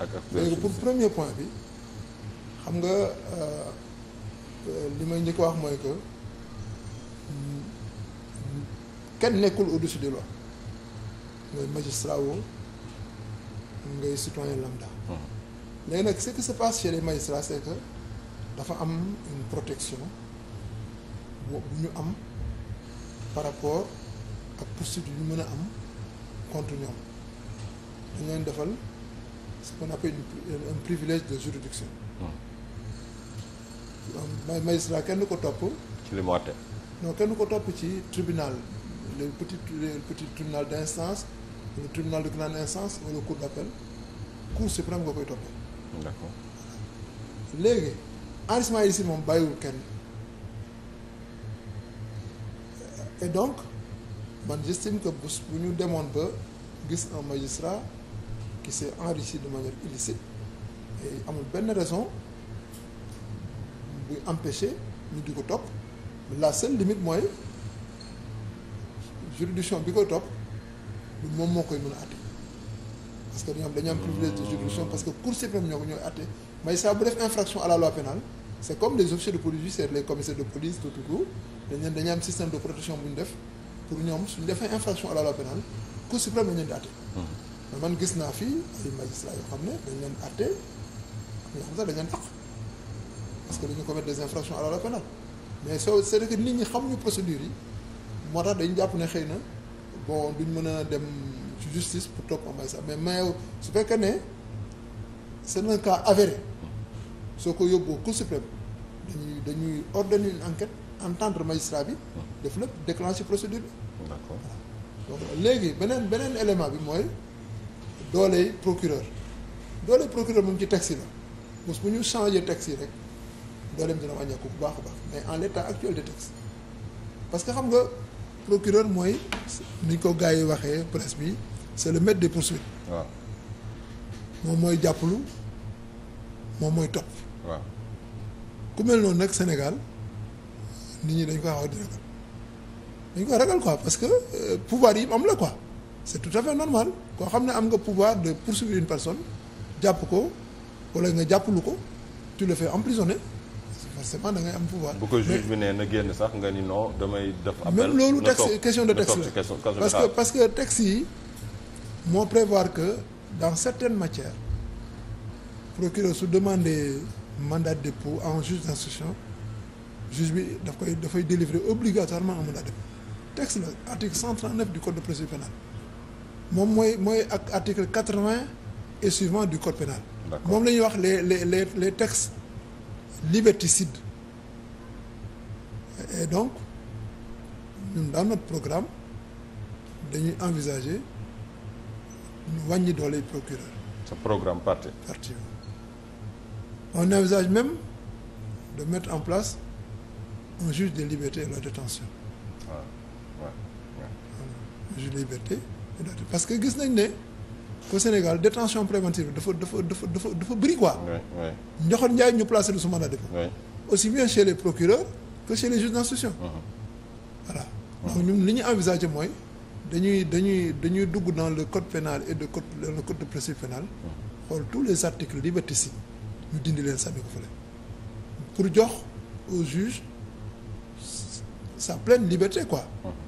ak léegi pour premier point bi xam nga euh, euh, li may njëkk wax mooy que mm, kenn nekkul au-dessus des lois ngay magistrat woo ngay citoyen lambda hmm. léegi nag ce qui se passe chez les magistrats que dafa am une protection bu ñu am par rapport ak poursuite yu ñu mën a am contre ñoom dañ defal ce qu'on appelle une, euh, un privilège de juridiction. mooy hmm. magistrat kenn ko topp. ci li mu kenn ko topp ci tribunal le petit le petit tribunal d' instance tribunal de grande instance wala cour d' appel cour suprême koy toppee. d' accord léegi enrichissement illicite moom bàyyiwul kenn et donc man j'estime que bu ñu demoon ba gis un magistrat. qui s'est enrichi de manière illicite et amul benn raison buy empêcher ñu di ko topp la seule limite mooy juridiction bi koy topp du moom moo koy mën a àtte parce que ñoom dañu am privilège de juridiction parce que cour suprême ñoo ko ñooy àtte magistrat bu def infraction à la loi pénale c' comme les officiers de police judiciaire les commissaires de police tout tout dañ dañu am système de protection bu ñu def pour ñoom suñu defee infraction à la loi pénale cour suprême mais man gis naa fii ay magistrats yoo xam ne dañ leen àtte ñoo xam sax dañ leen taq parce que dañu commettre des infractions à la loi pénale mais soo c'est que nit ñi xamuñu procédure yi moo tax dañu jàpp ne xëy na bon duñ mën a dem ci justice pour topp am ay sax mais mais su fekkee ne c'est un cas avéré soo ko yóbboo Cour suprême dañuy dañuy ordonner une enquête entendre magistrat bi def nag déclencher procédure bi d'accord donc léegi beneen beneen élément bi mooy dooley procureur dooley procureur moom ci texte la mos bu ñu changé texte yi rek dooleem dina wàññeeku bu baax a baax mais en l'état actuel des textes parce que xam nga procureur mooy ni ñu ko gars yi waxee presse bi c'est le maître de poursuites. waaw moom mooy jàppalu moom mooy topp. waaw ku mel noonu nag Sénégal nit ñi dañ ko xaw a ragal dañ ko ragal quoi parce que euh, pouvoir yi am la quoi. c'est tout à fait normal koo xam ne am nga pouvoir de poursuivre une personne jàpp ko wala nga jàpp jàppalu ko tu le fait emprisonner forcément da ngay am pouvoir. bu ko juge bi nee na génn sax nga ni non damay def. appel loolu texte question de texte la que parce que texte yi moo prévoir que dans certaines matière procureur su demander mandat de dépôt à un juge d'instruction juge bi daf koy dafay délivrer obligatoirement un mandat de dépôt texte la article 139 du code de procédure pénale moom mooy mooy ak article quatre-vingt et suivant du code pénal moom la ñuy wax les les les les textes liberticides et donc ñun dans programme dañuy envisager ñu wàññi doole procureur ce programme parti parti on envisage même de mettre en place un juge des libertés de la détention waaw un juge des libertés parce que gis nañ ne au Sénégal détention préventive dafa dafa dafa dafa dafa bëri quoi. Njoxon Njaay ñu placé lu su mandat de dépôt. aussi bien chez les procureurs que chez les juges d'instruction. Mm-hmm. voilà donc ñun li ñu envisage mooy dañuy dañuy dañuy dugg dans le code pénal et de code le code de procédure pénale mm-hmm. xool tous les articles liberticides ñu dindi leen sànni ko fële pour jox au juge sa pleine liberté quoi. Mm-hmm.